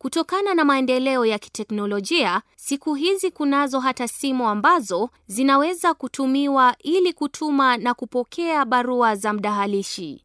Kutokana na maendeleo ya kiteknolojia, siku hizi kunazo hata simu ambazo zinaweza kutumiwa ili kutuma na kupokea barua za mdahalishi.